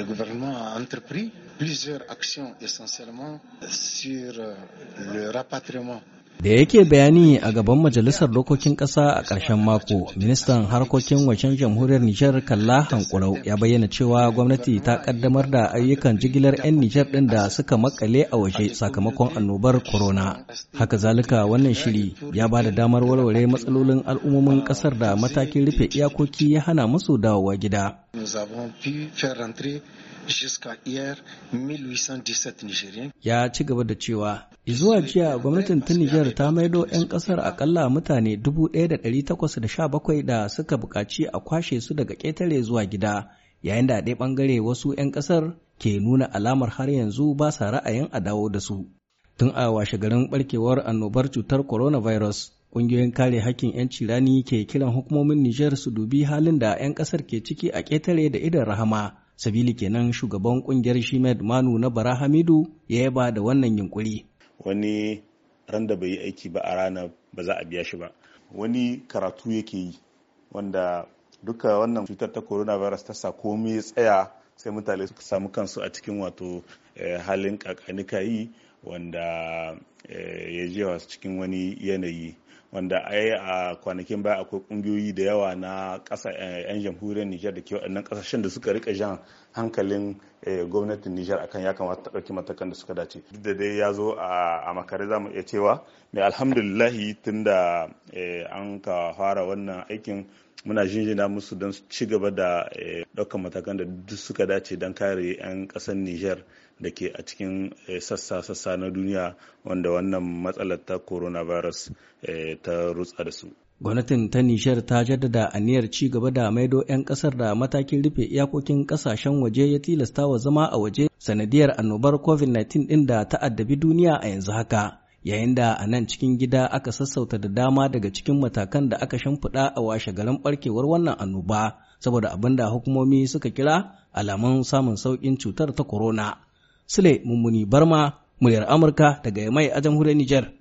Le gouvernement a entrepris plusieurs actions essentiellement sur euh, le rapatriement Da yake bayani a gaban Majalisar Dokokin Ƙasa a ƙarshen mako, Ministan Harkokin Wajen Jamhuriyar Nijar Kalla Hankurau ya bayyana cewa gwamnati ta ƙaddamar da ayyukan jigilar 'yan Nijar ɗin da suka makale a waje sakamakon annobar corona. Haka zalika wannan shiri ya ba da damar walwale matsalolin al'ummomin ƙasar da matakin rufe iyakoki ya hana musu dawowa gida. jusqu'à hier 1817 Nigériens. Ya ci gaba da cewa, zuwa jiya gwamnatin ta Nijar ta maido 'yan kasar akalla mutane 1,817 da suka buƙaci a kwashe su daga ƙetare zuwa gida, yayin da ɗaya ɓangare wasu 'yan ƙasar ke nuna alamar har yanzu ba sa ra'ayin a dawo da su. Tun a washe garin ɓarkewar annobar cutar coronavirus, ƙungiyoyin kare hakkin 'yanci rani ke kiran hukumomin Nijar su dubi halin da 'yan ƙasar ke ciki a ƙetare da idan rahama. Sabili kenan shugaban kungiyar Shimed Manu na Bara Hamidu ya yaba da wannan yunkuri. Wani ran da bai yi aiki ba a rana ba za a biya shi ba. Wani karatu yake yi wanda duka wannan cutar ta coronavirus ta sa komai tsaya sai mutane suka samu kansu a cikin wato eh, halin kakanika yi wanda eh, ya je cikin wani yanayi wanda ai a kwanakin baya akwai kungiyoyi da yawa na ƙasa eh, 'yan jamhuriyar Nijar da ke waɗannan ƙasashen da suka rika jan hankalin eh, gwamnatin Nijar akan ya kamata ta ɗauki matakan da suka dace. Duk da dai ya zo a makare za mu iya cewa mai alhamdulillahi tun da eh, an ka fara wannan aikin muna jinjina musu don su ci gaba da eh, ɗaukar matakan da duk suka dace don kare 'yan ƙasar niger da ke a cikin sassa-sassa eh, na duniya wanda wannan matsalar ta coronavirus eh, ta rutsa da su gwamnatin ta nishar ta jaddada aniyar ci gaba da maido 'yan kasar da matakin rufe iyakokin kasashen waje ya tilasta wa zama a waje sanadiyar annobar covid-19 ɗin da ta'addabi duniya a yanzu haka yayin da a nan cikin gida aka sassauta da dama daga cikin matakan da aka shimfiɗa a washe garin ɓarkewar wannan annoba saboda abin da hukumomi suka kira alamun samun sauƙin cutar ta corona. Sule Mummuni Barma, muryar Amurka daga Yamai a jamhuriyar Nijar.